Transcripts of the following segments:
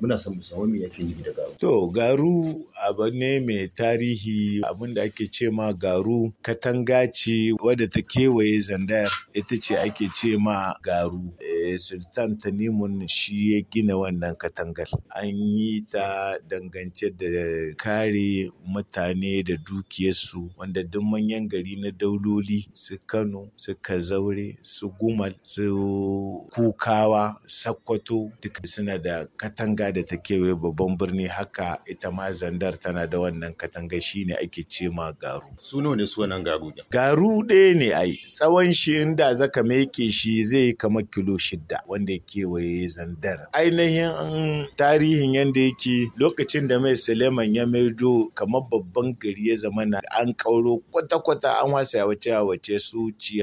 muna son mu samu me yake nufi da garu to garu abu ne mai tarihi abin da ake ce ma garu katanga ce wadda ta kewaye zandar ita ce ake ce ma garu eh, sultan tanimun shi ya gina wannan katangar an yi ta dangance da kare mutane da dukiyarsu wanda duk manyan gari na dauloli su kano su kazaure su gumal su kukawa sakkwato duka suna da katanga da ta kewaye babban birni haka ita ma zandar tana da wannan katanga shine ake ce ma garu Suno ne su wannan garu garu ɗaya ne ai tsawon shi inda zaka meke shi zai kama kilo shida wanda ya kewaye zandar ainihin tarihin yadda yake lokacin da mai suleiman ya maido kamar babban gari ya zama na an kauro kwata-kwata an wasa wace wace su ci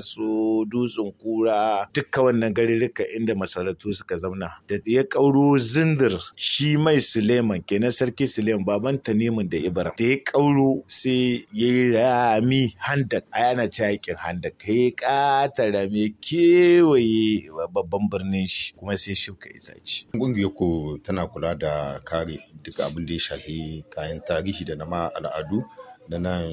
su dutsen kura dukkan wannan garirrika inda masarautu suka zauna da ya kauro zindir shi mai suleiman kenan sarki Suleiman baban Tanimun da Ibrahim da ya kauro sai ya yi rami handak a yana cakin handak ka yi kata rami kewaye babban birnin shi kuma sai ita itace. Ƙungiyar ku tana kula da kare duka abin da ya shafi kayan tarihi da na ma al'adu da nan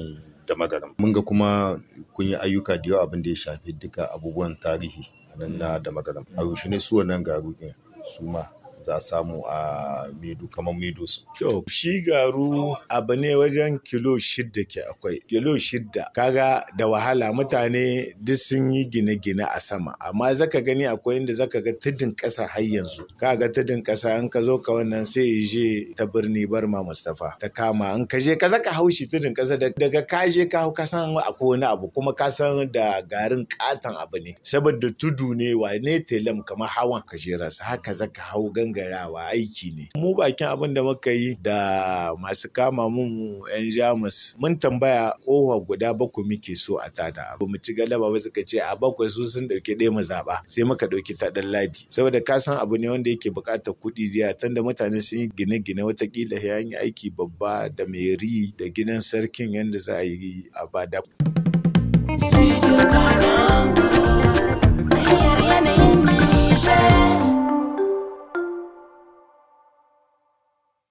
da magaram. Mun ga kuma kun yi ayyuka da yawa abin da ya shafi duka abubuwan tarihi a nan na da magaram. A yaushe ne su wannan garuƙin su ma za samu a medu kamar medu su. To shi garu abu ne wajen kilo shidda ke akwai kilo shidda kaga da wahala mutane duk sun yi gine-gine a sama amma zaka gani akwai inda zaka ga tudun ƙasa har yanzu kaga tudun ƙasa in ka zo ka wannan sai je ta birni barma Mustapha ta kama in ka je ka zaka haushi tudun ƙasa daga ka je ka hau ka san akwai wani abu kuma ka san da garin katon abu ne saboda tudu ne wa ne telam kamar hawan ka su haka zaka hau gan gangarawa aiki ne mu bakin abin da muka yi da masu kama mun yan jamus mun tambaya kowa guda bakwai muke so a tada ba mu ci galaba ba suka ce a bakwai su sun dauke ɗaya mu zaɓa sai muka ɗauki ta ɗan ladi saboda ka san abu ne wanda yake buƙatar kuɗi jiya tunda mutane sun yi gine-gine watakila ya yi aiki babba da mai ri da gidan sarkin yadda za a yi a bada.